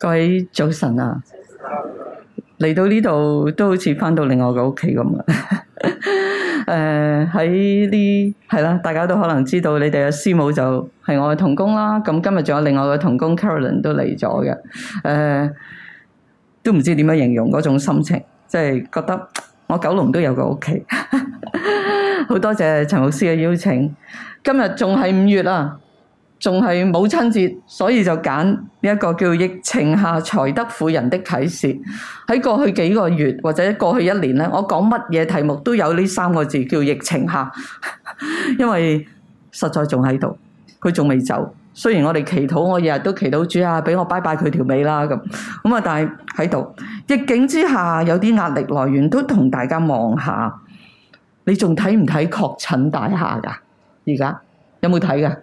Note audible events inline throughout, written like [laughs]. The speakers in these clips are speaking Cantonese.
各位早晨啊，嚟到呢度都好似返到另外個屋企咁嘅。誒、 [laughs] 呃，喺呢啦，大家都可能知道，你哋嘅師母就係我嘅同工啦。咁今日仲有另外個同工 Caroline 都嚟咗嘅、呃。都唔知點樣形容嗰種心情，即係覺得我九龍都有個屋企。好 [laughs] 多謝陳老師嘅邀請，今日仲係五月啊！仲係母親節，所以就揀呢一個叫疫情下才德婦人的啟示。喺過去幾個月或者過去一年咧，我講乜嘢題目都有呢三個字叫疫情下， [laughs] 因為實在仲喺度，佢仲未走。雖然我哋祈禱，我日日都祈禱主啊，畀我拜拜佢條尾啦。咁咁啊，但係喺度逆境之下有啲壓力來源，都同大家望下，你仲睇唔睇確診大廈㗎？而家有冇睇㗎？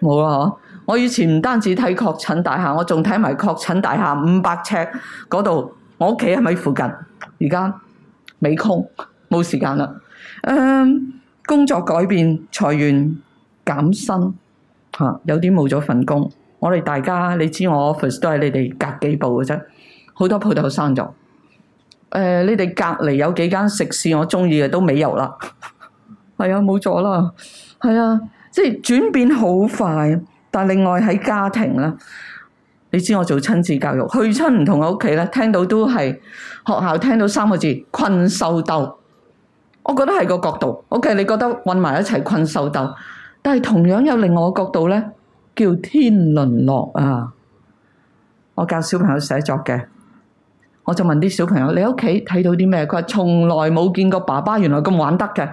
冇啦，我以前唔單止睇確診大廈，我仲睇埋確診大廈五百尺嗰度，我屋企係咪附近？而家未空，冇時間啦。嗯，工作改變，裁員減薪吓、啊，有啲冇咗份工。我哋大家，你知我 office 都係你哋隔幾步嘅啫。好多鋪頭閂咗。誒、呃，你哋隔籬有幾間食肆，我中意嘅都未有啦。係啊，冇咗啦。係啊。即係轉變好快，但另外喺家庭咧，你知我做親子教育，去親唔同嘅屋企咧，聽到都係學校聽到三個字：困獸鬥。我覺得係個角度，OK？你覺得混埋一齊困獸鬥，但係同樣有另外個角度咧，叫天倫樂啊！我教小朋友寫作嘅，我就問啲小朋友：你屋企睇到啲咩？佢話：從來冇見過爸爸，原來咁玩得嘅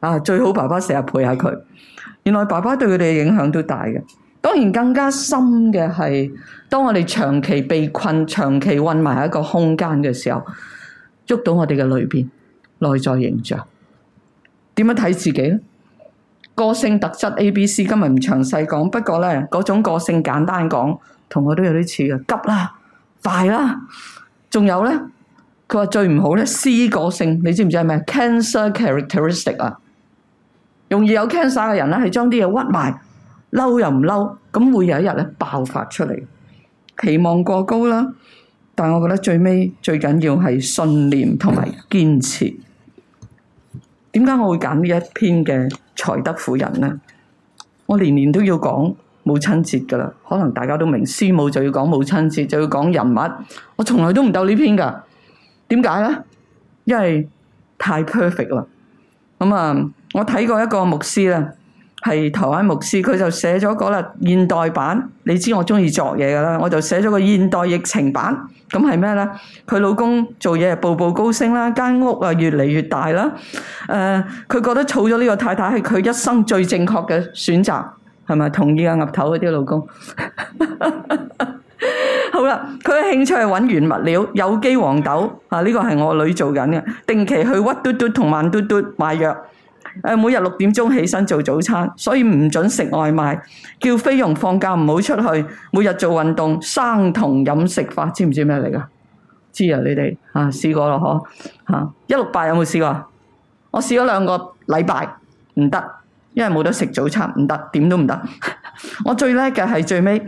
啊！最好爸爸成日陪下佢。原來爸爸對佢哋嘅影響都大嘅，當然更加深嘅係當我哋長期被困、長期混埋一個空間嘅時候，喐到我哋嘅裏邊內在形象，點樣睇自己咧？個性特質 A、B、C，今日唔詳細講，不過咧嗰種個性簡單講，同我都有啲似嘅，急啦、啊、快啦、啊，仲、啊、有咧，佢話最唔好咧 C 個性，你知唔知係咩？Cancer characteristic 啊！容易有 cancer 嘅人咧，係將啲嘢屈埋，嬲又唔嬲，咁會有一日咧爆發出嚟。期望過高啦，但係我覺得最尾最緊要係信念同埋堅持。點解我會揀呢一篇嘅才德婦人咧？我年年都要講母親節噶啦，可能大家都明，師母就要講母親節，就要講人物。我從來都唔鬥呢篇噶，點解咧？因為太 perfect 啦，咁啊。我睇過一個牧師啦，係台灣牧師，佢就寫咗個喇現代版。你知我鍾意作嘢㗎喇，我就寫咗個現代疫情版。咁係咩咧？佢老公做嘢係步步高升啦，間屋啊越嚟越大啦。誒，佢覺得儲咗呢個太太係佢一生最正確嘅選擇，係咪同意啊？岌頭嗰啲老公，好啦，佢嘅興趣係揾原物料，有機黃豆啊，呢個係我女做緊嘅，定期去屈嘟嘟同萬嘟嘟買藥。誒，每日六點鐘起身做早餐，所以唔准食外賣。叫菲傭放假唔好出去，每日做運動。生酮飲食法知唔知咩嚟噶？知啊，你哋吓試過咯嗬吓，一六八有冇試過？我試咗兩個禮拜唔得，因為冇得食早餐唔得，點都唔得。 [laughs] 我最叻嘅係最尾，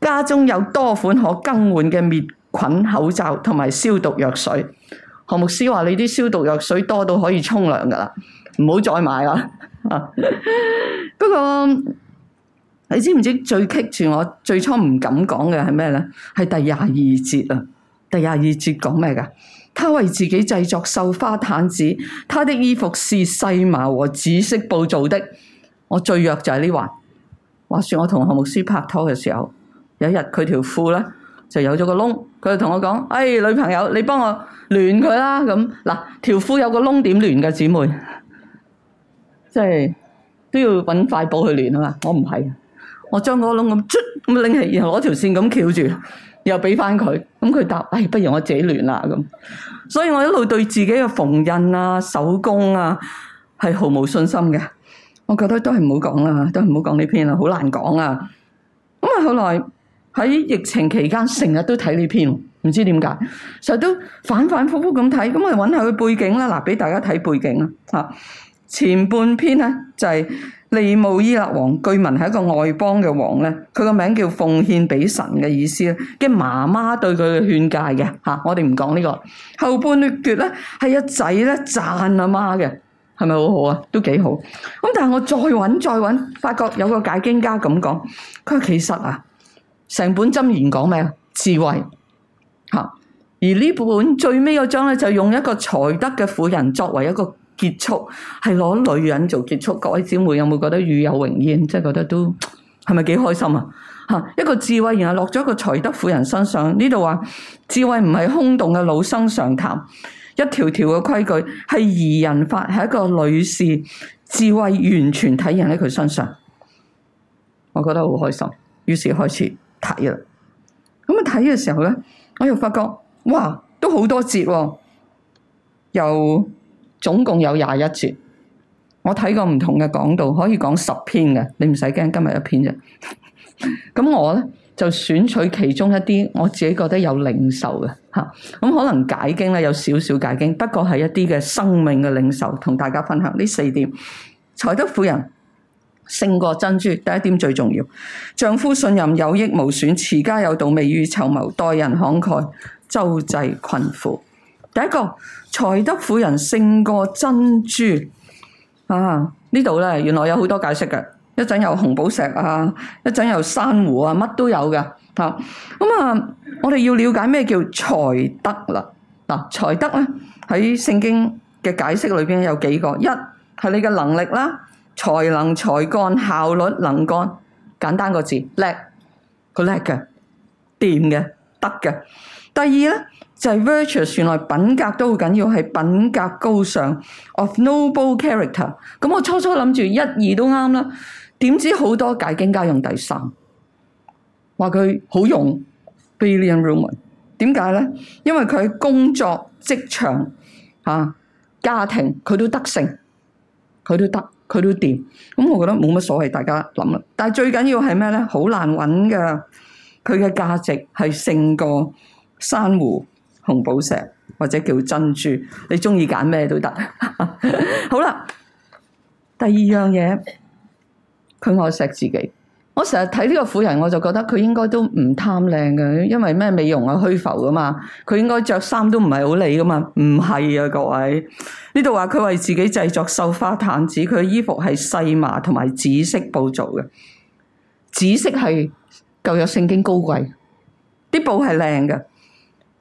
家中有多款可更換嘅滅菌口罩同埋消毒藥水。何牧師話，你啲消毒藥水多到可以沖涼噶啦。唔好再買啦！ [laughs] 不過你知唔知最棘住我最初唔敢講嘅係咩咧？係第廿二節啊！第廿二節講咩噶？他為自己製作繡花毯子，他的衣服是細麻和紫色布做的。我最弱就係呢環。話說我同何牧師拍拖嘅時候，有一日佢條褲咧就有咗個窿，佢就同我講：誒、哎，女朋友，你幫我聯佢啦！咁嗱，條褲有個窿點聯噶，姊妹？即係都要揾塊布去攣啊嘛！我唔係，我將嗰窿咁捽咁拎起，然後攞條線咁翹住，又俾翻佢。咁佢答，哎，不如我自己攣啦咁。所以我一路對自己嘅縫紉啊、手工啊係毫無信心嘅。我覺得都係唔好講啦，都係唔好講呢篇啦，好難講啊！咁啊，後來喺疫情期間，成日都睇呢篇，唔知點解，成日都反反覆覆咁睇。咁我哋揾下佢背景啦，嗱，俾大家睇背景啊，嚇！前半篇咧，就係、是、利慕伊勒王，據聞係一個外邦嘅王咧，佢個名叫奉獻俾神嘅意思咧，跟媽媽對佢嘅勸誡嘅吓，我哋唔講呢個。後半段咧係阿仔咧讚阿媽嘅，係咪好好啊？都幾好。咁但係我再揾再揾，發覺有個解經家咁講，佢話其實啊，成本箴言講咩啊？智慧吓、啊，而呢本最尾嗰章咧就用一個才德嘅婦人作為一個。結束係攞女人做結束，各位姊妹有冇覺得與有榮焉？即係覺得都係咪幾開心啊？吓一個智慧，然後落咗一個才德婦人身上呢度話智慧唔係空洞嘅老生常談，一條條嘅規矩係擬人法，係一個女士智慧完全體現喺佢身上，我覺得好開心。於是開始睇啦，咁啊睇嘅時候咧，我又發覺哇，都好多節，又。總共有廿一節，我睇過唔同嘅講道，可以講十篇嘅，你唔使驚，今日一篇啫。咁 [laughs] 我咧就選取其中一啲，我自己覺得有領受嘅嚇。咁 [laughs] 可能解經咧有少少解經，不過係一啲嘅生命嘅領受，同大家分享呢四點。才德婦人勝過珍珠，第一點最重要。丈夫信任有益無損，持家有道，未雨綢繆，待人慷慨，周濟困苦。第一個才德婦人勝過珍珠啊！呢度咧原來有好多解釋嘅，一陣有紅寶石啊，一陣有珊瑚啊，乜都有嘅。吓咁啊，我哋要了解咩叫才德啦？嗱、啊，才德咧喺聖經嘅解釋裏邊有幾個：一係你嘅能力啦，才能、才幹、效率、能幹，簡單個字叻，好叻嘅掂嘅得嘅。第二咧。就係 virtuous，原來品格都好緊要，係品格高尚，of noble character。咁我初初諗住一二都啱啦，點知好多解經家用第三，話佢好勇 brilliant roman。點解咧？因為佢工作職場嚇、啊、家庭，佢都得成，佢都得，佢都掂。咁我覺得冇乜所謂，大家諗啦。但係最緊要係咩咧？好難揾嘅，佢嘅價值係勝過珊瑚。紅寶石或者叫珍珠，你中意揀咩都得。 [laughs] 好啦，第二樣嘢，佢愛錫自己。我成日睇呢個婦人，我就覺得佢應該都唔貪靚嘅，因為咩美容啊，虛浮噶嘛。佢應該着衫都唔係好理噶嘛唔係啊，各位。呢度話佢為自己製作繡花毯子，佢衣服係細麻同埋紫色布做嘅。紫色係舊約聖經高貴，啲布係靚嘅。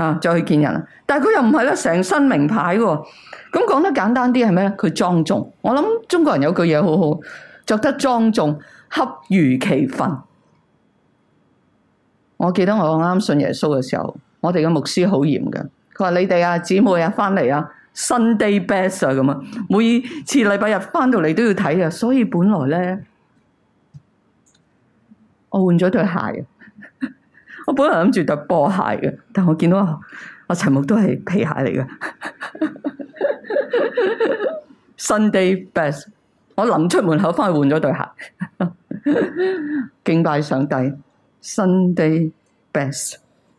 啊、再去見人，但係佢又唔係啦，成身名牌嘅，哦、咁、嗯、講得簡單啲係咩？佢莊重，我諗中國人有句嘢，好好，着得莊重恰如其分。我記得我啱啱信耶穌嘅時候，我哋嘅牧師好嚴嘅，佢話你哋啊姊妹啊翻嚟啊，Sunday best 啊咁啊，每次禮拜日翻到嚟都要睇啊，所以本來咧，我換咗對鞋。我本來諗住著波鞋嘅，但我見到阿陳木都係皮鞋嚟嘅。 [laughs] Sunday best，我臨出門口翻去換咗對鞋， [laughs] 敬拜上帝。Sunday best，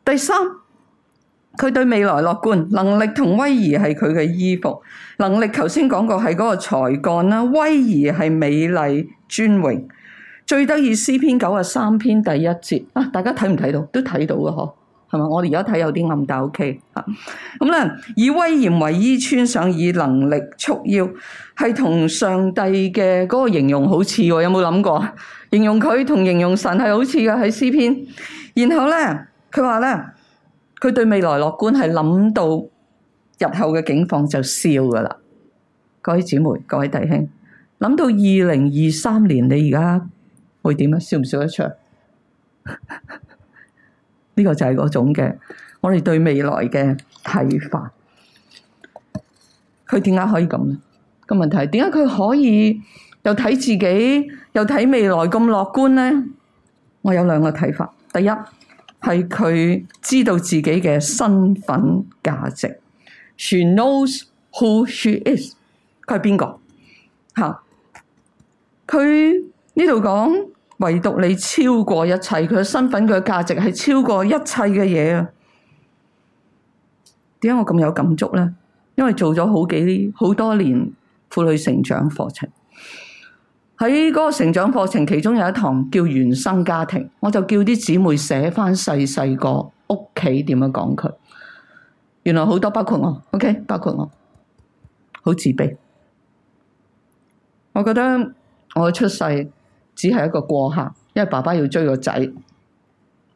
第三，佢對未來樂觀，能力同威儀係佢嘅衣服。能力頭先講過係嗰個才幹啦，威儀係美麗尊榮。最得意詩篇九十三篇第一節啊，大家睇唔睇到？都睇到嘅嗬，係嘛？我哋而家睇有啲暗，但 OK 吓。咁、OK? 咧、嗯，以威嚴為衣穿上，以能力束腰，係同上帝嘅嗰個形容好似。有冇諗過？形容佢同形容神係好似嘅喺詩篇。然後咧，佢話咧，佢對未來樂觀，係諗到日後嘅境況就笑噶啦。各位姊妹、各位弟兄，諗到二零二三年，你而家。會點咧？笑？唔笑得出？呢 [laughs] 個就係嗰種嘅，我哋對未來嘅睇法。佢點解可以咁咧？個問題點解佢可以又睇自己又睇未來咁樂觀咧？我有兩個睇法。第一係佢知道自己嘅身份價值。She knows who she is。佢係邊個？吓，佢呢度講。唯獨你超過一切，佢嘅身份，佢嘅價值係超過一切嘅嘢啊！點解我咁有感觸咧？因為做咗好幾好多年婦女成長課程，喺嗰個成長課程其中有一堂叫原生家庭，我就叫啲姊妹寫翻細細個屋企點樣講佢。原來好多包括我，OK，包括我好自卑。我覺得我出世。只係一個過客，因為爸爸要追個仔，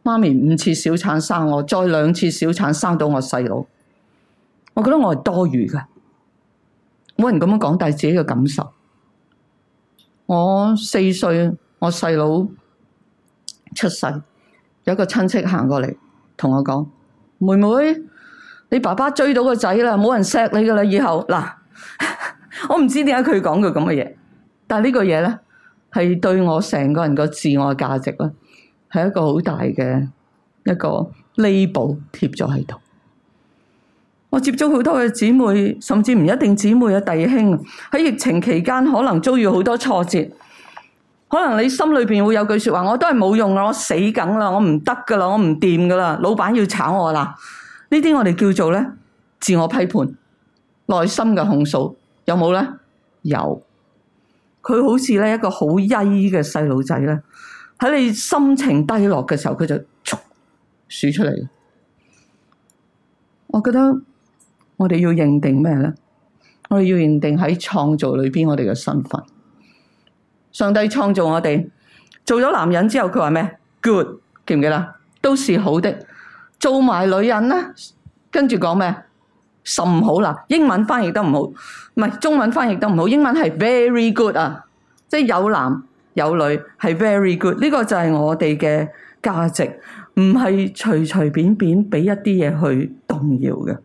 媽咪五次小產生我，再兩次小產生到我細佬，我覺得我係多餘噶冇人咁樣講，但係自己嘅感受。我四歲，我細佬出世，有一個親戚行過嚟同我講：，妹妹，你爸爸追到個仔啦，冇人錫你噶啦，以後嗱， [laughs] 我唔知點解佢講佢咁嘅嘢，但係呢個嘢咧。係對我成個人個自我價值啦，係一個好大嘅一個 label 貼咗喺度。我接觸好多嘅姊妹，甚至唔一定姊妹嘅弟兄，喺疫情期間可能遭遇好多挫折，可能你心裏邊會有句說話，我都係冇用咯，我死梗啦，我唔得噶啦，我唔掂噶啦，老闆要炒我啦。呢啲我哋叫做咧自我批判，內心嘅控訴，有冇咧？有。佢好似咧一個好曳嘅細路仔咧，喺你心情低落嘅時候，佢就數數出嚟。我覺得我哋要認定咩咧？我哋要認定喺創造裏邊我哋嘅身份。上帝創造我哋，做咗男人之後，佢話咩？Good 記唔記得？都是好的。做埋女人咧，跟住講咩？甚好啦，英文翻譯得唔好，唔係中文翻譯得唔好，英文係 very good 啊，即係有男有女係 very good，呢個就係我哋嘅價值，唔係隨隨便便俾一啲嘢去動搖嘅。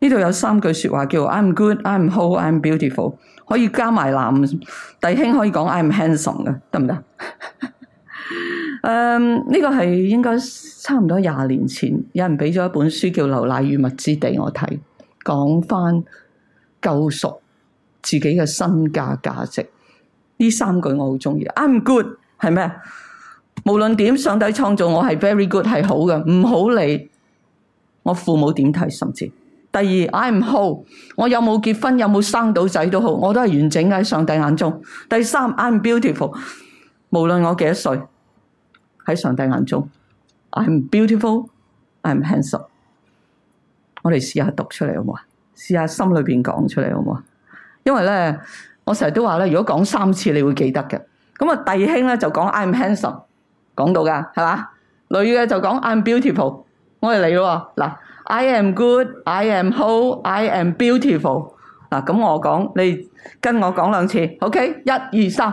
呢度有三句說話叫 I'm good, I'm whole, I'm beautiful，可以加埋男，弟兄可以講 I'm handsome 嘅，得唔得？誒，呢、um, 個係應該差唔多廿年前，有人畀咗一本書叫《流奶與蜜之地》，我睇，講翻救贖自己嘅身價價值。呢三句我好中意。I'm good 係咩？無論點，上帝創造我係 very good 係好嘅，唔好理我父母點睇？甚至第二，I'm whole，我有冇結婚，有冇生到仔都好，我都係完整嘅。喺上帝眼中，第三，I'm beautiful，無論我幾多歲。喺上帝眼中，I'm beautiful，I'm handsome。我哋試下讀出嚟好冇啊？試下心裏面講出嚟好冇啊？因為呢，我成日都話呢，如果講三次你會記得嘅。咁啊，弟兄呢，就講 I'm handsome，講到㗎，係咪？女嘅就講 I'm beautiful，我哋嚟咯。嗱，I am good，I am whole，I am beautiful。嗱，咁我講，你跟我講兩次，OK？一、二、三。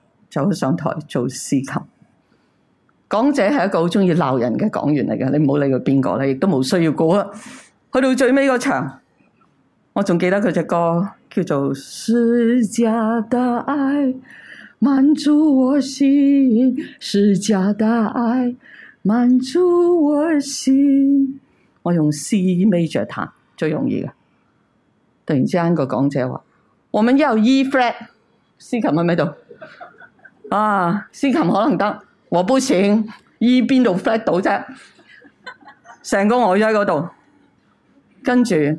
就上台做司琴，講者係一個好中意鬧人嘅講員嚟嘅，你唔好理佢邊個咧，亦都冇需要估啦。去到最尾個場，我仲記得佢隻歌叫做《十架大愛》，滿足我心；十架大愛，滿足我心。我用 C major 彈最容易嘅，突然之間個講者話：我們有 E flat，司琴喺咪度？啊！司琴可能得，我唔行，依邊度 fit 到啫？成個呆咗喺嗰度，跟住佢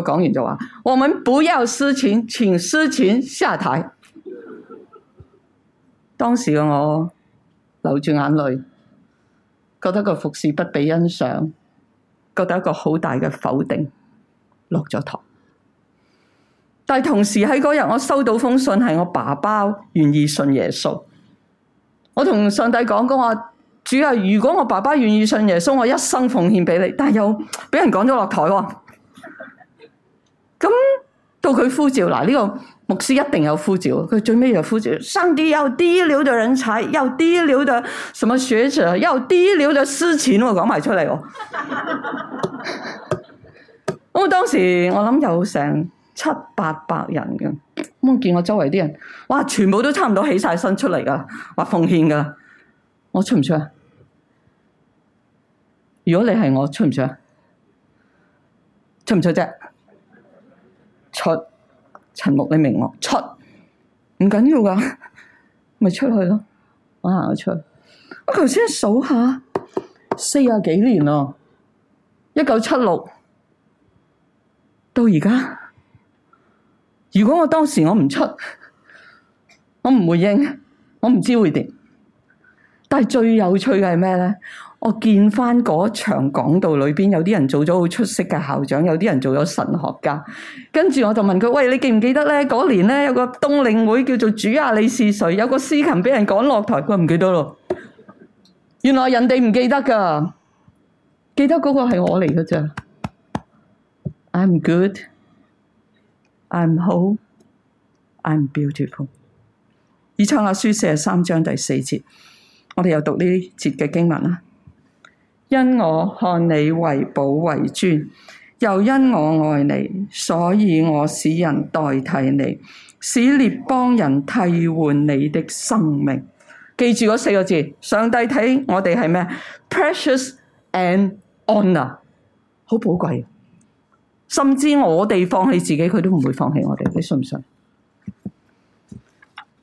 講完就話：我們不要司琴，請司琴下台。當時嘅我流住眼淚，覺得個服侍不被欣賞，覺得一個好大嘅否定。落咗台，但係同時喺嗰日，我收到封信，係我爸爸願意信耶穌。我同上帝講過，主啊，如果我爸爸願意信耶穌，我一生奉獻俾你。但又俾人講咗落台喎。咁、嗯、到佢呼召，嗱、這、呢個牧師一定有呼召，佢最屘又呼召。上帝要第一流的人才，要第一流的什麼學者，要第一流的詩情，我講埋出嚟。我、嗯、當時我諗有想。七八百人嘅，我見我周圍啲人，哇，全部都差唔多起晒身出嚟噶，話奉獻噶，我出唔出啊？如果你係我，出唔出啊？出唔出啫、啊？出，陳木，你明我出，唔緊要噶，咪 [laughs] 出去咯，我行咗出去。我頭先數下，四十幾年咯，一九七六到而家。如果我當時我唔出，我唔回應，我唔知會點。但係最有趣嘅係咩咧？我見翻嗰場講道裏邊，有啲人做咗好出色嘅校長，有啲人做咗神學家。跟住我就問佢，喂，你記唔記得咧？嗰年咧，有個冬令會叫做主啊，你是誰？有個司琴俾人趕落台，佢唔記得咯。原來人哋唔記得㗎，記得嗰個係我嚟㗎咋。I'm good。I'm 好，I'm beautiful。以賽亞書四十三章第四節，我哋又讀呢節嘅經文啦。因我看你為寶為尊，又因我愛你，所以我使人代替你，使列邦人替換你的生命。記住嗰四個字，上帝睇我哋係咩？Precious and honour，好寶貴啊。甚至我哋放棄自己，佢都唔會放棄我哋，你信唔信？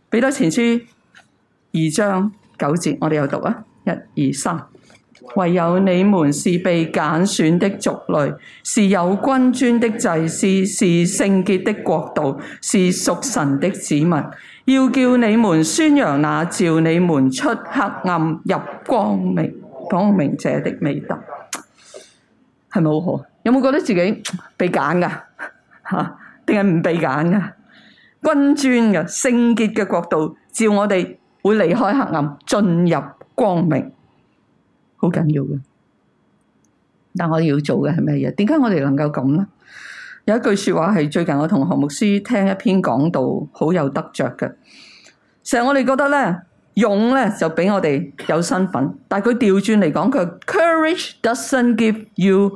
彼得前書二章九節，我哋有讀啊，一、二、三。唯有你們是被揀選的族類，是有君尊的祭司，是聖潔的國度，是屬神的子民。要叫你們宣揚那召你們出黑暗入光明、光明者的美德，係咪好好？有冇覺得自己被揀噶吓？定係唔被揀噶？君尊噶聖潔嘅國度，照我哋會離開黑暗，進入光明，好緊要嘅。但我哋要做嘅係咩嘢？點解我哋能夠咁咧？有一句說話係最近我同何牧師聽一篇講道，好有得着嘅。成日我哋覺得咧。勇咧就俾我哋有身份，但係佢調轉嚟講，佢 Courage doesn't give you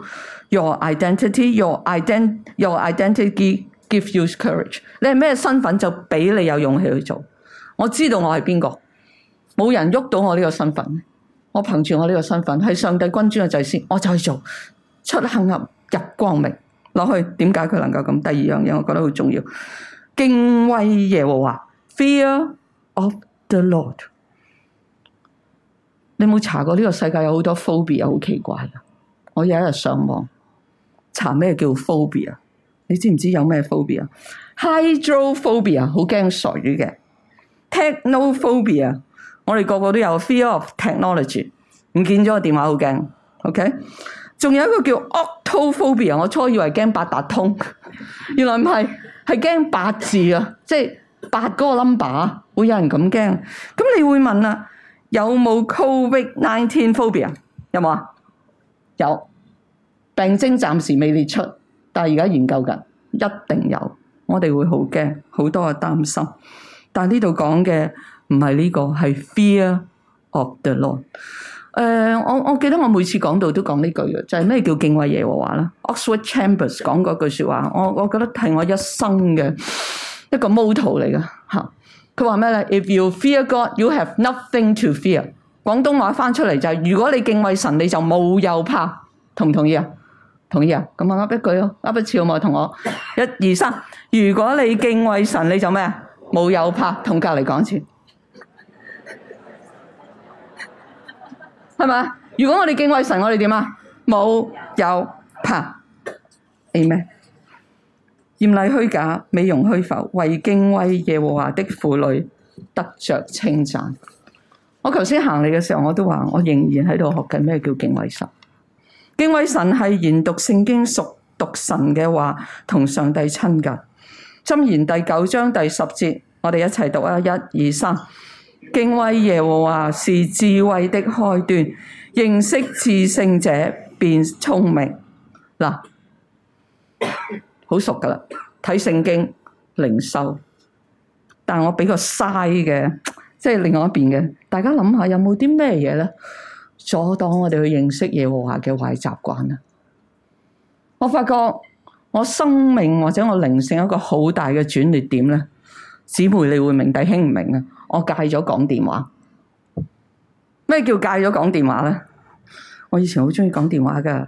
your identity, your ident your identity gives you courage。你係咩身份就俾你有勇氣去做。我知道我係邊個，冇人喐到我呢個身份。我憑住我呢個身份係上帝君尊嘅祭司，我就去做出黑暗入，入光明。攞去點解佢能夠咁？第二樣嘢，我覺得好重要，敬畏耶和華，fear of。the、Lord. 你有冇查過呢個世界有好多 phobia 啊好奇怪啊我有一日上網查咩叫 phobia 啊你知唔知有咩 phobia 啊 hydrophobia 好驚水嘅 techno phobia 我哋個個都有 fear of technology 唔見咗個電話好驚 ok 仲有一個叫 octo phobia 我初以為驚八達通原來唔係係驚八字啊即係八個 number 會有人咁驚？咁你會問啦，有冇 Covid nineteen phobia？有冇啊？有，有，有，有，有病徵暫時未列出，但係而家研究緊，一定有。我哋會好驚，好多嘅擔心。但係呢度講嘅唔係呢個，係 fear of the Lord、呃。我我記得我每次講到都講呢句啊，就係、是、咩叫敬畏耶和華啦？Oxford Chambers 講嗰句説話，我我覺得係我一生嘅。 [laughs] 一個 motto 嚟㗎。吓，佢話咩咧？If you fear God, you have nothing to fear。廣東話翻出嚟就係、是、如果你敬畏神，你就冇有怕，同唔同意啊？同意啊？咁啊，噏一句咯，噏一次好唔好同我。一二三，如果你敬畏神，你就咩啊？冇有怕，同隔籬講一次，係咪？如果我哋敬畏神，我哋點啊？冇有怕，誒咩？嚴厲虛假，美容虛浮，為敬畏耶和華的婦女得着稱讚。我頭先行嚟嘅時候，我都話我仍然喺度學緊咩叫敬畏神。敬畏神係研讀聖經熟、熟讀神嘅話，同上帝親近。箴言第九章第十節，我哋一齊讀啊！一、二、三，敬畏耶和華是智慧的開端，認識至聖者便聰明嗱。好熟噶啦，睇聖經靈修，但係我比較嘥嘅，即係另外一邊嘅。大家諗下，有冇啲咩嘢咧，阻擋我哋去認識耶和華嘅壞習慣啊？我發覺我生命或者我靈性有一個好大嘅轉捩點咧，姊妹你會明，弟兄唔明啊！我戒咗講電話，咩叫戒咗講電話咧？我以前好鍾意講電話噶。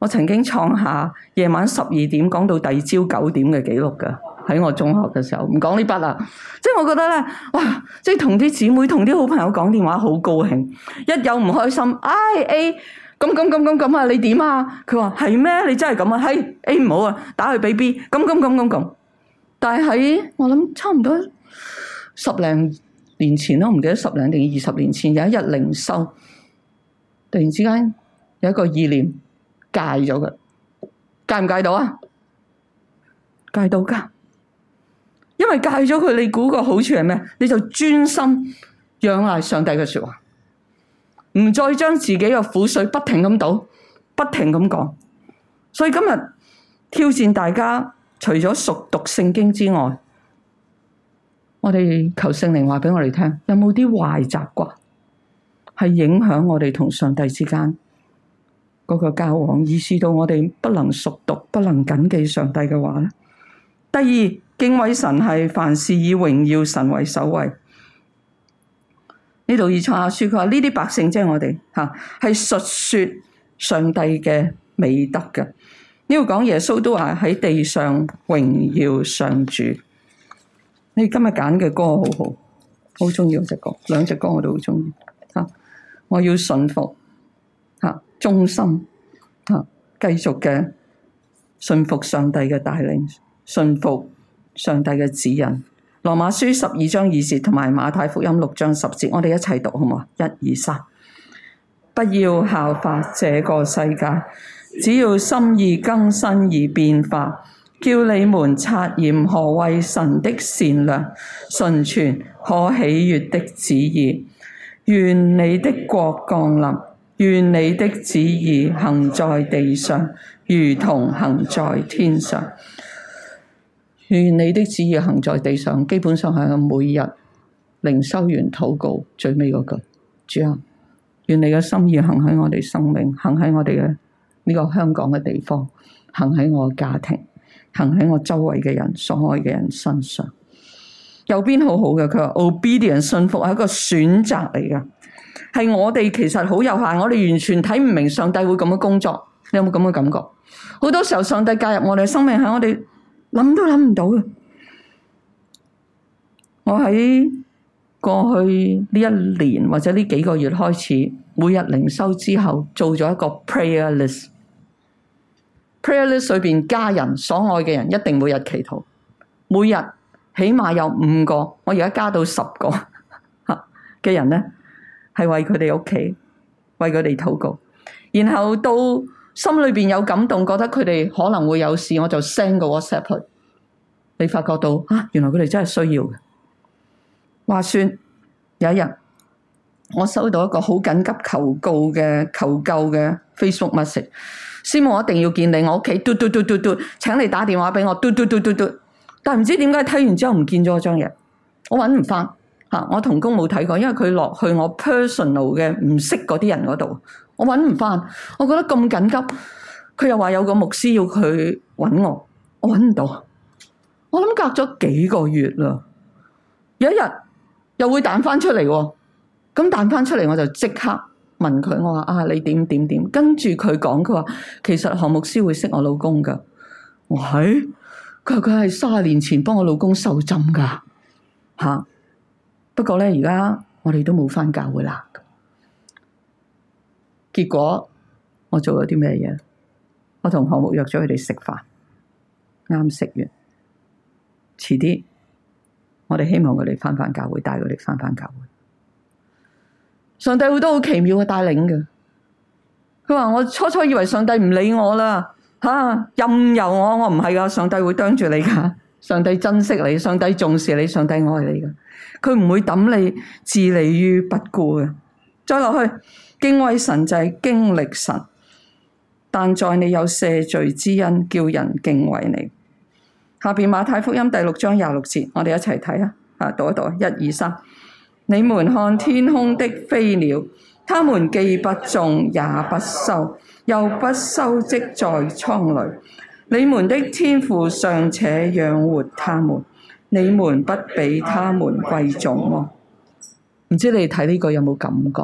我曾經創下夜晚十二點講到第二朝九點嘅記錄㗎，喺我中學嘅時候。唔講呢筆啦，即係我覺得咧，哇！即係同啲姊妹、同啲好朋友講電話，好高興。一有唔開心，唉 A，咁咁咁咁咁啊，你點啊？佢話係咩？你真係咁啊？係 A 唔好啊，打去俾 B。咁咁咁咁咁。但係喺我諗差唔多十零年前啦，唔記得十零定二十年前，有一日靈修，突然之間有一個意念。戒咗佢，戒唔戒到啊？戒到㗎，因為戒咗佢，你估個好處係咩？你就專心仰賴上帝嘅說話，唔再將自己嘅苦水不停咁倒，不停咁講。所以今日挑戰大家，除咗熟讀聖經之外，我哋求聖靈話俾我哋聽，有冇啲壞習慣係影響我哋同上帝之間？嗰個交往，意思到我哋不能熟讀，不能謹記上帝嘅話咧。第二，敬畏神係凡事以榮耀神為首位。呢度以賽亞書，佢話呢啲百姓即係我哋吓，係述說上帝嘅美德嘅。呢度講耶穌都話喺地上榮耀上主。你今日揀嘅歌好好，好中意嗰隻歌，兩隻歌我都好中意。吓，我要信服。忠心啊！繼續嘅信服上帝嘅帶領，信服上帝嘅指引。羅馬書十二章二節同埋馬太福音六章十節，我哋一齊讀好唔好？一、二、三， [noise] [noise] 不要效法這個世界，只要心意更新而變化。叫你們察驗何為神的善良、純全、可喜悅的旨意。願你的國降臨。願你的旨意行在地上，如同行在天上。願你的旨意行在地上，基本上係我每日靈修完禱告最尾嗰句：主啊，願你嘅心意行喺我哋生命，行喺我哋嘅呢個香港嘅地方，行喺我家庭，行喺我周圍嘅人，所愛嘅人身上。右邊好好嘅，佢話 obedience 順服係一個選擇嚟㗎。係我哋其實好有限，我哋完全睇唔明上帝會咁樣工作。你有冇咁嘅感覺？好多時候上帝介入我哋嘅生命，喺我哋諗都諗唔到嘅。我喺過去呢一年或者呢幾個月開始，每日靈修之後做咗一個 prayer list。prayer list 裏邊家人所愛嘅人一定每日祈禱，每日起碼有五個，我而家加到十個嘅人咧。係為佢哋屋企，為佢哋禱告，然後到心裏邊有感動，覺得佢哋可能會有事，我就 send 個 WhatsApp 佢。你發覺到啊，原來佢哋真係需要嘅。話說有一日，我收到一個好緊急求告嘅求救嘅 Facebook message，希望我一定要見你。我屋企嘟嘟嘟嘟嘟，請你打電話俾我嘟嘟嘟嘟嘟，但唔知點解睇完之後唔見咗張嘢，我揾唔翻。嚇！我同工冇睇過，因為佢落去我 personal 嘅唔識嗰啲人嗰度，我揾唔翻。我覺得咁緊急，佢又話有個牧師要佢揾我，我揾唔到。我諗隔咗幾個月啦，有一日又會彈翻出嚟。咁彈翻出嚟我就即刻問佢，我話啊，你點點點？跟住佢講，佢話其實何牧師會識我老公㗎。我係佢話佢係三十年前幫我老公受浸㗎嚇。啊。不過咧，而家我哋都冇翻教會啦。結果我做咗啲咩嘢？我同項目約咗佢哋食飯，啱食完，遲啲我哋希望佢哋翻返教會，帶佢哋翻返教會。上帝好多好奇妙嘅帶領嘅。佢話，我初初以為上帝唔理我啦，吓、啊、任由我，我唔係噶，上帝會盯住你噶，上帝珍惜你，上帝重視你，上帝愛你噶。佢唔會抌你，置你於不顧嘅。再落去，敬畏神就係經歷神，但在你有赦罪之恩，叫人敬畏你。下邊馬太福音第六章廿六節，我哋一齊睇啊！啊，讀一讀，一、二、三。你們看天空的飛鳥，牠們既不種也不收，又不收積在倉裏，你們的天父尚且養活牠們。你們不比他們貴重啊，唔知你睇呢個有冇感覺？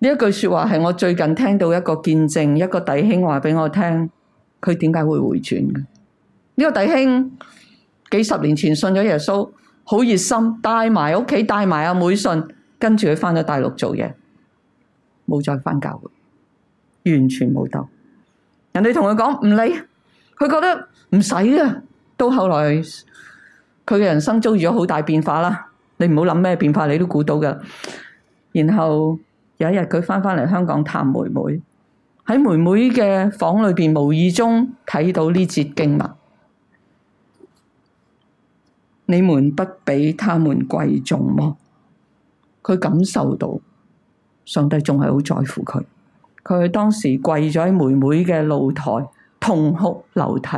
呢一句說話係我最近聽到一個見證，一個弟兄話俾我聽，佢點解會回轉嘅？呢個弟兄幾十年前信咗耶穌，好熱心帶，帶埋屋企，帶埋阿妹信，跟住佢翻咗大陸做嘢，冇再翻教會，完全冇鬥。人哋同佢講唔理，佢覺得唔使啊。到後來。佢嘅人生遭遇咗好大變化啦，你唔好諗咩變化，你都估到㗎。然後有一日佢返返嚟香港探妹妹，喺妹妹嘅房裏邊無意中睇到呢節經文，你們不比他們貴重麼？佢感受到上帝仲係好在乎佢，佢當時跪咗喺妹妹嘅露台痛哭流涕，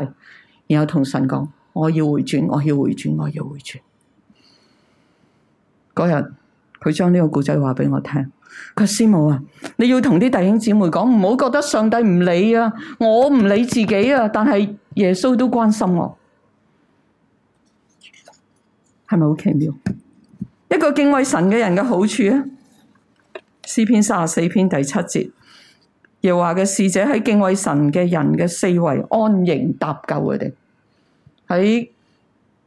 然後同神講。我要回轉，我要回轉，我要回轉。嗰日佢將呢個故仔話俾我聽，佢師母啊，你要同啲弟兄姊妹講，唔好覺得上帝唔理啊，我唔理自己啊，但係耶穌都關心我，係咪好奇妙？一個敬畏神嘅人嘅好處啊，《詩篇》三十四篇第七節，耶和華嘅使者喺敬畏神嘅人嘅四圍安營搭救佢哋。喺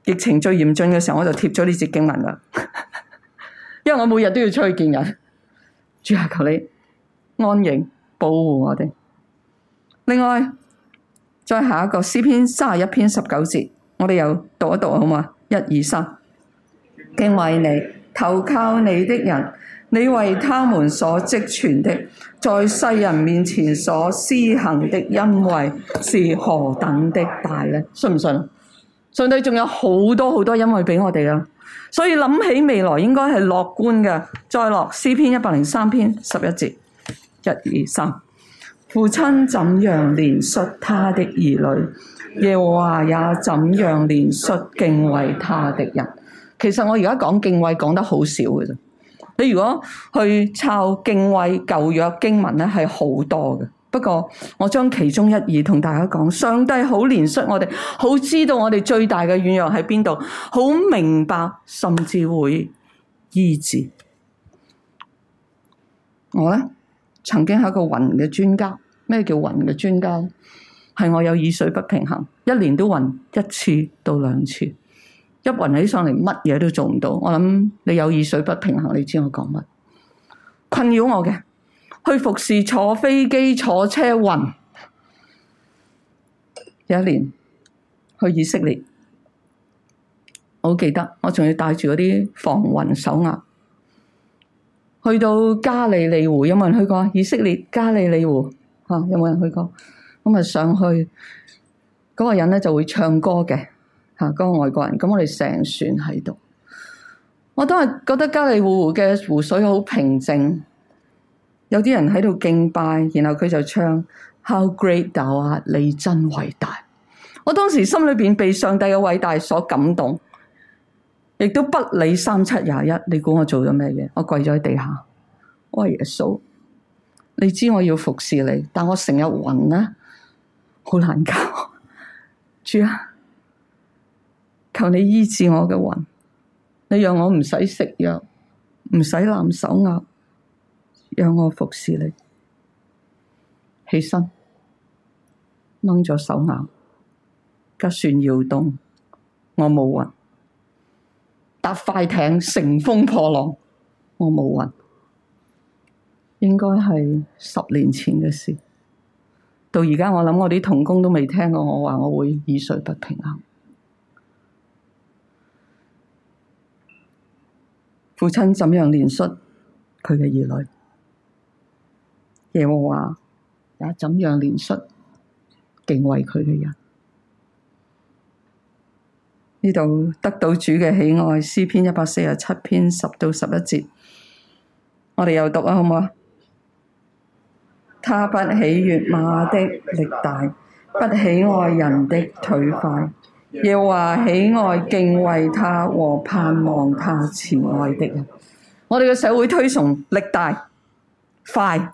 疫情最嚴峻嘅時候，我就貼咗呢節經文啦， [laughs] 因為我每日都要出去見人。主啊，求你安營保護我哋。另外，再下一個詩篇三十一篇十九節，我哋又讀一讀好嘛？一二三，敬畏你，投靠你的人，你為他們所積存的，在世人面前所施行的恩惠是何等的大呢？信唔信？上帝仲有好多好多恩惠俾我哋啊，所以諗起未來應該係樂觀嘅。再落詩篇一百零三篇十一節，一、二、三，父親怎樣憐恤他的兒女，耶和華也怎樣憐恤敬畏他的人。其實我而家講敬畏講得好少嘅啫，你如果去抄敬畏舊約經文咧，係好多嘅。不過，我將其中一二同大家講。上帝好憐恤我哋，好知道我哋最大嘅軟弱喺邊度，好明白，甚至會醫治。我咧曾經係一個暈嘅專家。咩叫暈嘅專家咧？係我有耳水不平衡，一年都暈一次到兩次。一暈起上嚟，乜嘢都做唔到。我諗你有耳水不平衡，你知我講乜困擾我嘅。去服侍，坐飛機，坐車暈。有一年去以色列，我好記得，我仲要帶住嗰啲防暈手鈪。去到加利利湖，有冇人去過？以色列加利利湖，嚇，有冇人去過？咁啊，上去嗰、嗰個人咧就會唱歌嘅，嚇、嗰、嗰個外國人。咁我哋成船喺度，我都係覺得加利湖湖嘅湖水好平靜。有啲人喺度敬拜，然後佢就唱《How Great Thou Art》，你真偉大。我當時心裏邊被上帝嘅偉大所感動，亦都不理三七廿一。你估我做咗咩嘢？我跪咗喺地下，我話耶穌，你知我要服侍你，但我成日暈啊，好難搞。主啊，求你醫治我嘅暈，你讓我唔使食藥，唔使攬手壓。讓我服侍你。起身，掹咗手眼，急旋搖動，我冇暈。搭快艇乘風破浪，我冇暈。應該係十年前嘅事，到而家我諗我啲同工都未聽過我話我會耳水不平衡。父親怎樣憐恤佢嘅兒女？耶和華也怎樣憐恤敬畏佢嘅人。呢度得到主嘅喜愛。詩篇一百四十七篇十到十一節，我哋有讀啊，好唔好啊？他不喜悦馬的力大，不喜愛人的腿快，耶和華喜愛敬畏他和盼望他慈愛的人。我哋嘅社會推崇力大快。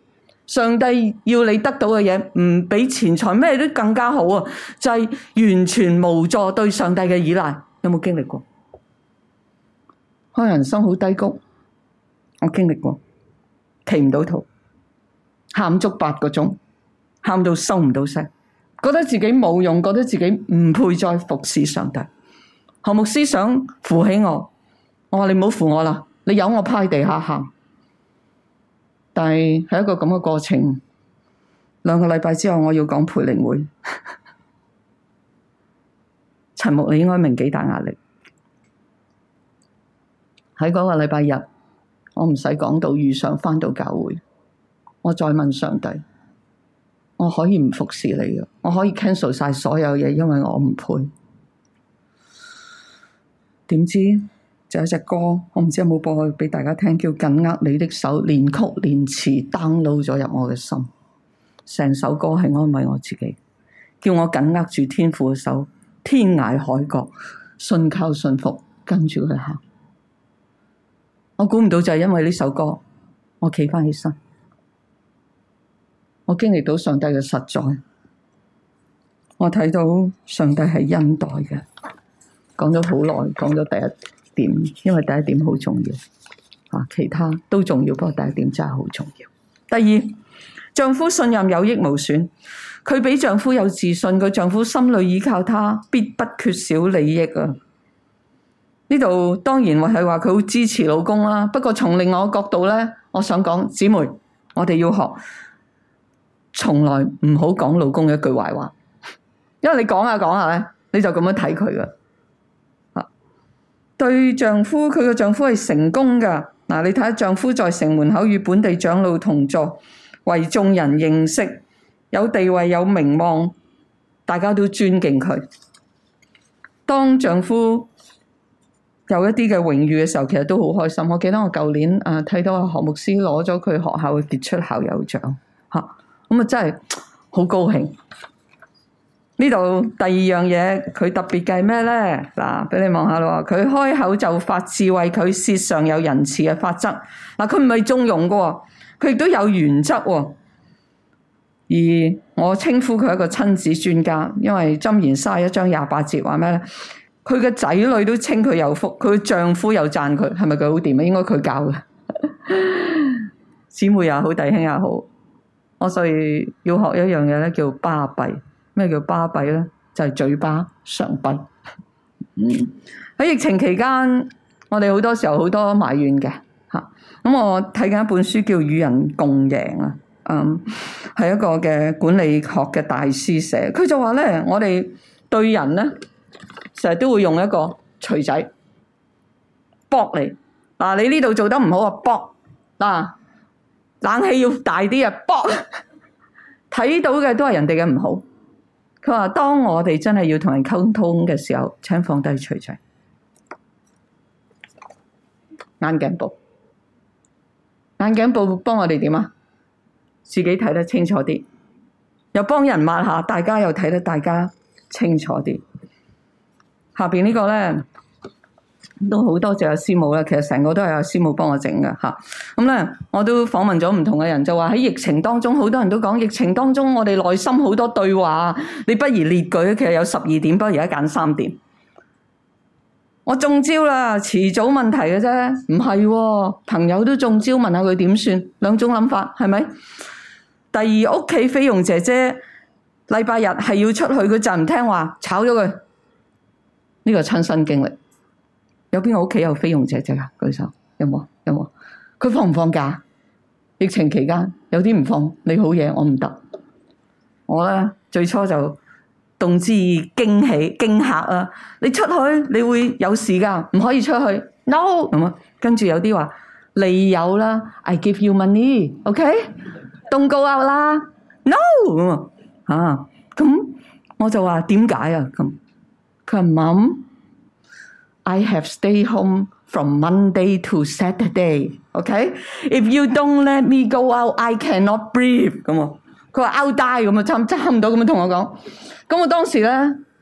上帝要你得到嘅嘢，唔比錢財咩都更加好啊！就係完全無助對上帝嘅依賴，有冇經歷過？可能人生好低谷，我經歷過，企唔到頭，喊足八個鐘，喊到收唔到聲，覺得自己冇用，覺得自己唔配再服侍上帝。何牧師想扶起我，我話你唔好扶我啦，你由我趴喺地下喊。但係係一個咁嘅過程，兩個禮拜之後我要講培靈會，陳木你應該明幾大壓力。喺嗰個禮拜日，我唔使講到，遇上返到教會，我再問上帝，我可以唔服侍你嘅，我可以 cancel 晒所有嘢，因為我唔配。點知？就有隻歌，我唔知有冇播去俾大家聽，叫緊握你的手，連曲連詞 download 咗入我嘅心。成首歌係安慰我自己，叫我緊握住天父嘅手，天涯海角信靠信服，跟住佢行。我估唔到就係因為呢首歌，我企翻起身，我經歷到上帝嘅實在，我睇到上帝係恩待嘅。講咗好耐，講咗第一。點？因為第一點好重要，啊，其他都重要，不過第一點真係好重要。第二，丈夫信任，有益無損，佢比丈夫有自信，佢丈夫心裏依靠他必不缺少利益啊！呢度當然話係話佢支持老公啦，不過從另外一嘅角度咧，我想講姊妹，我哋要學從來唔好講老公嘅句壞話，因為你講下講下咧，你就咁樣睇佢噶。對丈夫，佢嘅丈夫係成功㗎。嗱，你睇下丈夫在城門口與本地長老同坐，為眾人認識，有地位有名望，大家都尊敬佢。當丈夫有一啲嘅榮譽嘅時候，其實都好開心。我記得我舊年誒睇，啊，到阿何牧師攞咗佢學校嘅傑出校友獎，嚇咁啊真係好高興。呢度第二樣嘢，佢特別計咩咧？嗱，俾你望下咯。佢開口就發自慧，佢舌上有仁慈嘅法則。嗱，佢唔係縱容嘅喎，佢亦都有原則喎。而我稱呼佢一個親子專家，因為31，《針言》曬一章廿八節話咩咧？佢嘅仔女都稱佢有福，佢嘅丈夫又讚佢，係咪佢好掂啊？應該佢教嘅， [laughs] 姊妹又好，弟兄又好。我所以要學一樣嘢咧，叫巴閉。咩叫巴閉咧？就係、是、嘴巴常閉。嗯，喺疫情期間，我哋好多時候好多埋怨嘅吓。咁、啊，我睇緊一本書叫《與人共贏》啊，嗯，係一個嘅管理學嘅大師寫。佢就話咧，我哋對人咧成日都會用一個錘仔搏你。嗱、啊，你呢度做得唔好搏啊，搏嗱，冷氣要大啲啊，搏。睇 [laughs] 到嘅都係人哋嘅唔好。佢話：當我哋真係要同人溝通嘅時候，請放低除除眼鏡布，眼鏡布幫我哋點啊？自己睇得清楚啲，又幫人抹下，大家又睇得大家清楚啲。下邊呢個咧。都好多謝阿師母啦，其實成個都係阿師母幫我整嘅吓，咁、嗯、咧，我都訪問咗唔同嘅人，就話喺疫情當中，好多人都講疫情當中，我哋內心好多對話。你不如列舉，其實有十二點，不如而家揀三點。我中招啦，遲早問題嘅啫，唔係喎。朋友都中招問問，問下佢點算？兩種諗法，係咪？第二屋企菲傭姐姐禮拜日係要出去，佢就唔聽話，炒咗佢。呢、這個親身經歷。有邊個屋企有菲傭姐姐啊？舉手有冇？有冇？佢放唔放假？疫情期間有啲唔放。你好嘢，我唔得。我呢最初就動之以驚喜驚吓啊！你出去你會有事噶，唔可以出去。No 咁啊、嗯！跟住有啲話你有啦。I give you money, okay? Don't go out 啦。No 咁、嗯、啊咁、嗯嗯、我就話點解啊？咁佢諗。I have stay home from Monday to Saturday. OK? If you don't let me go out, I cannot breathe. 咁佢話 out die 咁啊，差唔多。咁啊，同我講。咁我當時咧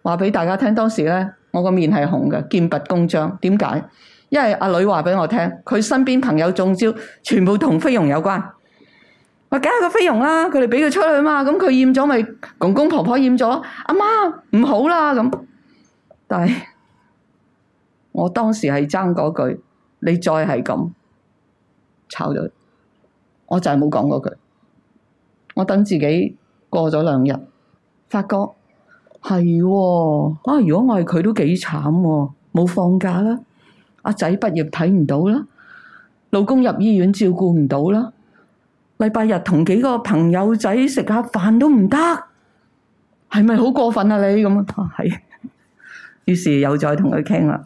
話俾大家聽，當時咧我個面係紅嘅，劍拔弓張。點解？因為阿女話俾我聽，佢身邊朋友中招，全部同菲傭有關。話梗係個菲傭啦，佢哋俾佢出去嘛，咁佢染咗咪公公婆婆染咗，阿媽唔好啦咁。但係。我當時係爭嗰句，你再係咁炒咗，我就係冇講嗰句。我等自己過咗兩日，發覺係、哦、啊！如果我係佢都幾慘、啊，冇放假啦，阿仔畢業睇唔到啦，老公入醫院照顧唔到啦，禮拜日同幾個朋友仔食下飯都唔得，係咪好過分啊你？你咁啊？係，於是又再同佢傾啦。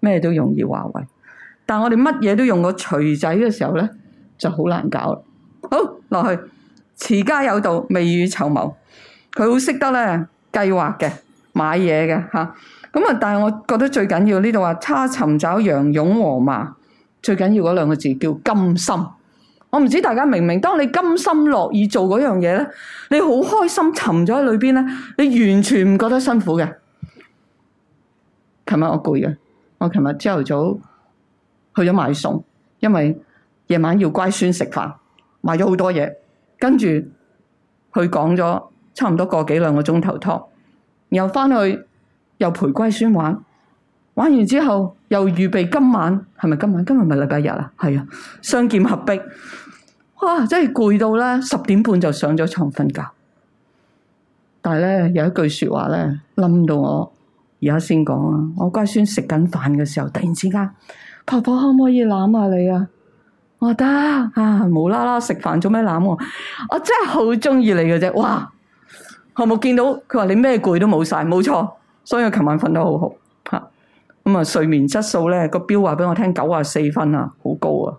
咩都容易化為。但我哋乜嘢都用個錘仔嘅時候咧，就好難搞啦。好落去持家有道，未雨綢繆。佢好識得咧計劃嘅買嘢嘅吓。咁啊，但係我覺得最緊要呢度話，差尋找羊絨和麻，最緊要嗰兩個字叫甘心。我唔知大家明唔明？當你甘心樂意做嗰樣嘢咧，你好開心沉咗喺裏邊咧，你完全唔覺得辛苦嘅。琴晚我攰嘅。我琴日朝頭早上去咗買餸，因為夜晚上要乖孫食飯，買咗好多嘢，跟住去講咗差唔多個幾兩個鐘頭 talk 然後翻去又陪乖孫玩，玩完之後又預備今晚，係咪今晚？今日咪禮拜日啦，係啊，雙劍合璧，哇！真係攰到咧，十點半就上咗床瞓覺。但係咧，有一句說話咧冧到我。而家先講啊！我乖孫食緊飯嘅時候，突然之間，婆婆可唔可以攬下你啊？我得啊，無啦啦食飯做咩攬我？我真係好鍾意你嘅啫！哇，我冇見到佢話你咩攰都冇晒，冇錯，所以我琴晚瞓得好好啊。咁、嗯、啊，睡眠質素咧個標話俾我聽九十四分啊，好高啊！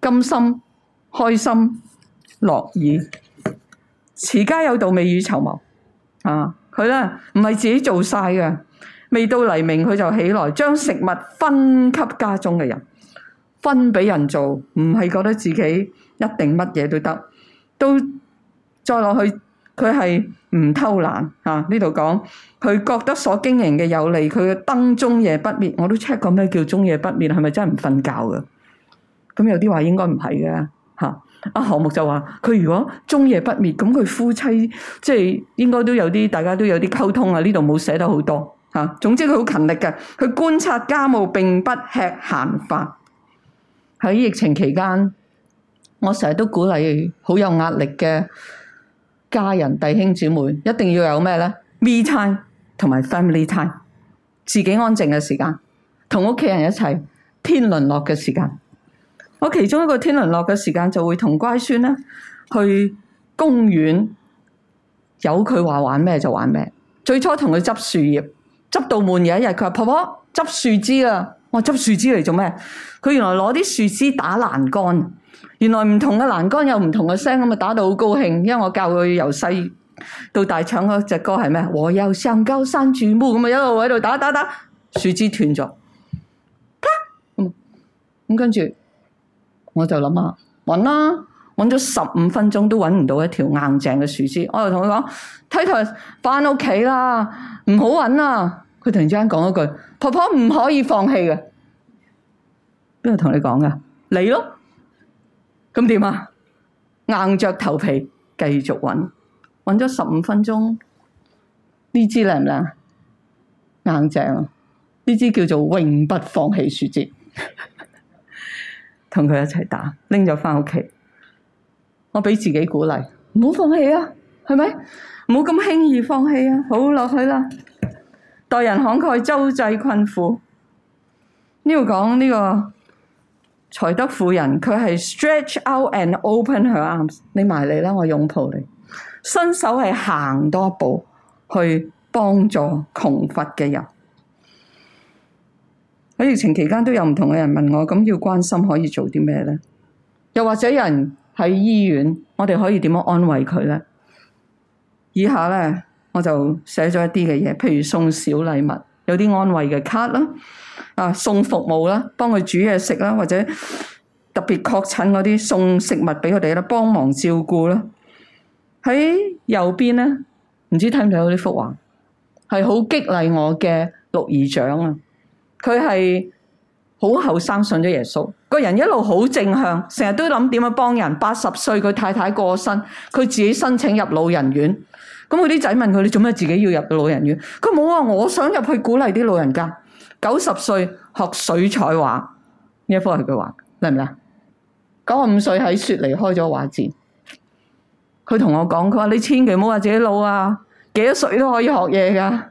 甘心、開心、樂意，持家有道，未雨綢繆啊！佢咧唔係自己做晒嘅，未到黎明佢就起來，將食物分給家中嘅人，分俾人做，唔係覺得自己一定乜嘢都得。都再落去，佢係唔偷懶吓，呢度講佢覺得所經營嘅有利，佢嘅燈中夜不滅。我都 check 過咩叫中夜不滅，係咪真係唔瞓覺㗎？咁有啲話應該唔係嘅。吓，阿何木就話佢如果終夜不滅，咁佢夫妻即係應該都有啲，大家都有啲溝通啊。呢度冇寫得好多吓。總之佢好勤力嘅，佢觀察家務，並不吃閒飯。喺疫情期間，我成日都鼓勵好有壓力嘅家人弟兄姊妹，一定要有咩呢 Me time 同埋 family time，自己安靜嘅時間，同屋企人一齊天倫樂嘅時間。我其中一個天倫樂嘅時間，就會同乖孫咧去公園，由佢話玩咩就玩咩。最初同佢執樹葉，執到悶，有一日，佢話婆婆執樹枝啊，我、哦、執樹枝嚟做咩？佢原來攞啲樹枝打欄杆，原來唔同嘅欄杆有唔同嘅聲，咁啊打到好高興，因為我教佢由細到大唱嗰隻歌係咩？我又上高山住母，咁啊一路喺度打打打，樹枝斷咗，啪咁跟住。我就諗下搵啦，搵咗十五分鐘都搵唔到一條硬正嘅樹枝，我就同佢講：睇台翻屋企啦，唔好搵啦。佢突然之間講一句：婆婆唔可以放棄嘅。邊度同你講㗎？你咯，咁點啊？硬着頭皮繼續搵，搵咗十五分鐘，呢支靚唔靚？硬正啊！呢支叫做永不放棄樹枝。同佢一齊打，拎咗返屋企。我畀自己鼓勵，唔好放棄啊，係咪？唔好咁輕易放棄啊，好落去啦。待人慷慨周濟困苦，呢度講呢個才德婦人，佢係 stretch out and open her arms，你埋嚟啦，我擁抱你。伸手係行多一步去幫助窮乏嘅人。喺疫情期間都有唔同嘅人問我，咁要關心可以做啲咩咧？又或者有人喺醫院，我哋可以點樣安慰佢咧？以下咧，我就寫咗一啲嘅嘢，譬如送小禮物，有啲安慰嘅卡啦，啊送服務啦，幫佢煮嘢食啦，或者特別確診嗰啲送食物俾佢哋啦，幫忙照顧啦。喺右邊咧，唔知睇唔睇到呢幅畫，係好激勵我嘅六二獎啊！佢係好後生信咗耶穌，個人一路好正向，成日都諗點樣幫人。八十歲佢太太過身，佢自己申請入老人院。咁佢啲仔問佢：你做咩自己要入老人院？佢冇話我想入去鼓勵啲老人家。九十歲學水彩畫呢一幅係佢畫，靚唔靚？九十五歲喺雪梨開咗畫展。佢同我講：佢話你千祈唔好話自己老啊，幾多歲都可以學嘢噶。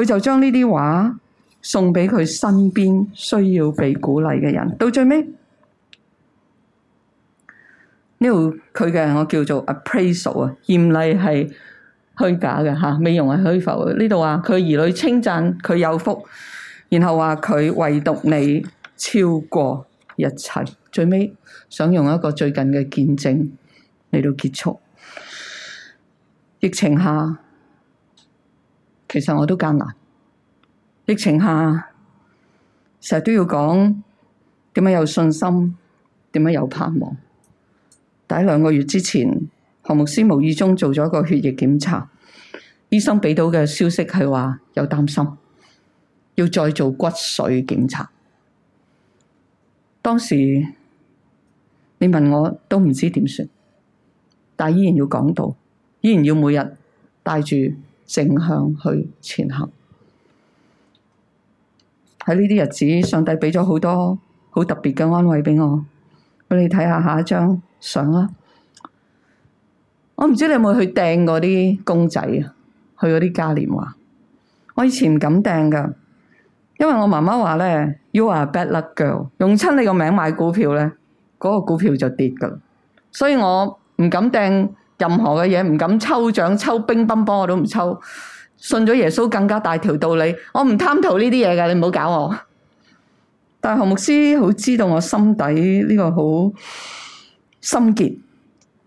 佢就將呢啲畫。送畀佢身邊需要被鼓勵嘅人，到最尾呢度佢嘅我叫做 appraisal 啊，艷麗係虛假嘅吓，美容係虛浮。呢度話佢兒女稱讚佢有福，然後話佢唯獨你超過一切，最尾想用一個最近嘅見證嚟到結束。疫情下，其實我都艱難。疫情下，成日都要講點樣有信心，點樣有盼望。但係兩個月之前，何牧師無意中做咗個血液檢查，醫生俾到嘅消息係話有擔心，要再做骨髓檢查。當時你問我都唔知點算，但依然要講道，依然要每日帶住正向去前行。喺呢啲日子，上帝俾咗好多好特別嘅安慰俾我。我哋睇下下一張相啦。我唔知你有冇去掟嗰啲公仔啊？去嗰啲嘉年華。我以前唔敢掟噶，因為我媽媽話咧，You are a bad luck girl。用親你個名買股票咧，嗰個股票就跌噶。所以我唔敢掟任何嘅嘢，唔敢抽獎、抽乒乓波，我都唔抽。信咗耶穌更加大條道理，我唔貪圖呢啲嘢嘅，你唔好搞我。但係何牧師好知道我心底呢個好心結，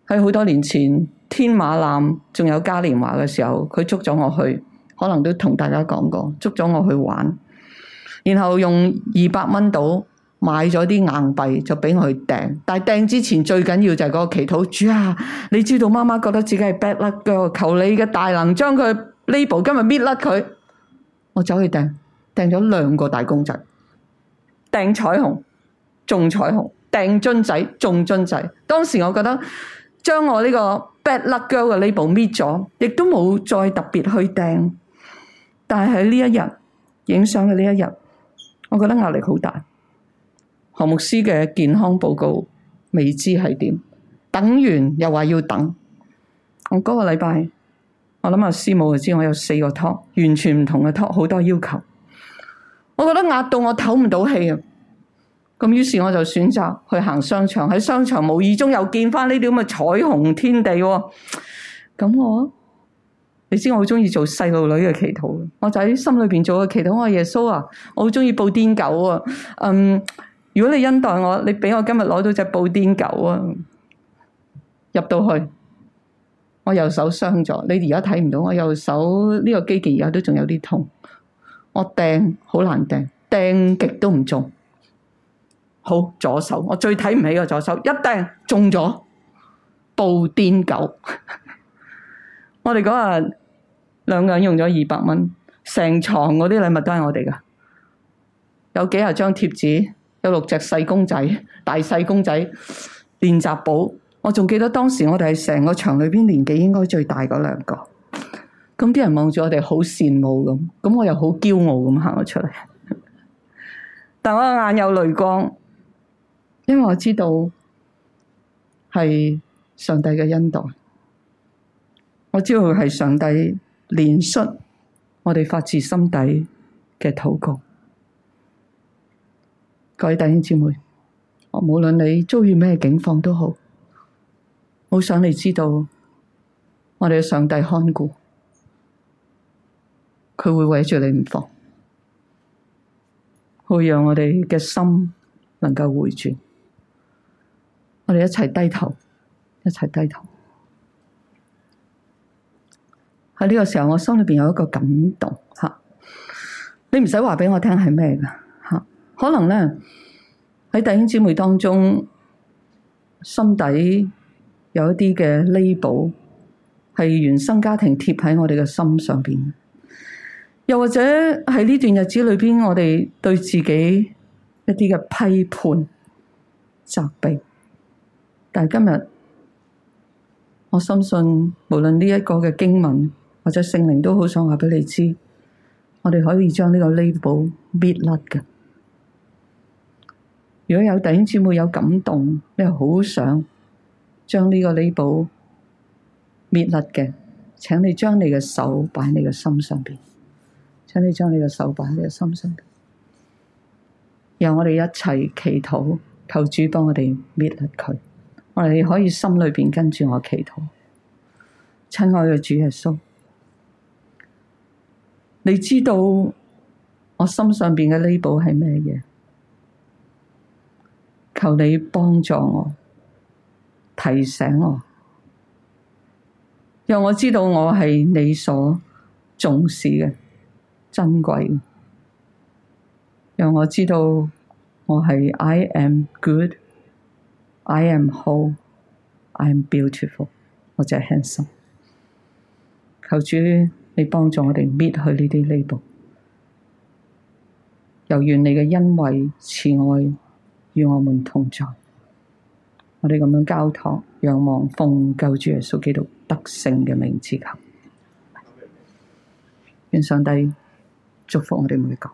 喺好多年前天馬艦仲有嘉年華嘅時候，佢捉咗我去，可能都同大家講過，捉咗我去玩，然後用二百蚊度買咗啲硬幣就俾我去掟，但係掟之前最緊要就係嗰個祈禱，主啊，你知道媽媽覺得自己係 bad luck 嘅求你嘅大能將佢。呢部今日搣甩佢，我走去訂，訂咗兩個大公仔，訂彩虹，中彩虹，訂樽仔，中樽仔。當時我覺得將我呢個 bad luck girl 嘅呢部搣咗，亦都冇再特別去訂。但係喺呢一日影相嘅呢一日，我覺得壓力好大。何牧師嘅健康報告未知係點？等完又話要等。我嗰個禮拜。我諗阿師母就知我有四個託，完全唔同嘅托，好多要求。我覺得壓到我唞唔到氣啊！咁於是我就選擇去行商場，喺商場無意中又見翻呢啲咁嘅彩虹天地。咁我，你知我好中意做細路女嘅祈禱，我就喺心裏邊做個祈禱。我係耶穌啊，我好中意布甸狗啊！嗯，如果你恩待我，你俾我今日攞到隻布甸狗啊！入到去。我右手傷咗，你而家睇唔到。我右手呢個肌腱而家都仲有啲痛。我掟，好難掟，掟極都唔中。好，左手，我最睇唔起個左手，一掟中咗布甸狗。 [laughs] 我哋嗰日，兩個人用咗二百蚊，成床嗰啲禮物都係我哋噶。有幾十張貼紙，有六隻細公仔、大細公仔練習簿。我仲記得當時我哋係成個場裏邊年紀應該最大嗰兩個，咁啲人望住我哋好羨慕咁，咁我又好驕傲咁行咗出嚟，但我眼有淚光，因為我知道係上帝嘅恩待，我知道係上帝憐恤我哋發自心底嘅禱告。各位弟兄姊妹，我無論你遭遇咩境況都好。好想你知道，我哋嘅上帝看顧，佢會圍住你唔放，會讓我哋嘅心能夠回轉。我哋一齊低頭，一齊低頭。喺呢個時候，我心裏邊有一個感動，吓，你唔使話畀我聽係咩㗎吓，可能咧，喺弟兄姊妹當中心底有一啲嘅 label 係原生家庭貼喺我哋嘅心上邊，又或者喺呢段日子裏邊，我哋對自己一啲嘅批判、責備。但係今日，我深信無論呢一個嘅經文或者聖靈都好想話畀你知，我哋可以將呢個 label 搣甩嘅。如果有弟兄姊妹有感動，你又好想。將呢個禮寶滅甩嘅，請你將你嘅手擺喺你嘅心上邊，請你將你嘅手擺喺你嘅心上。由我哋一齊祈禱，求主幫我哋滅甩佢。我哋可以心裏邊跟住我祈禱。親愛嘅主耶穌，你知道我心上邊嘅禮寶係咩嘢？求你幫助我。提醒我，讓我知道我係你所重視嘅珍貴嘅，讓我知道我係 I am good，I am whole，I am beautiful，我真係輕鬆。求主你幫助我哋搣去呢啲呢度，又願你嘅恩惠慈愛與我們同在。我哋咁樣交託仰望，奉救主耶穌基督得勝嘅名字，求願上帝祝福我哋每個。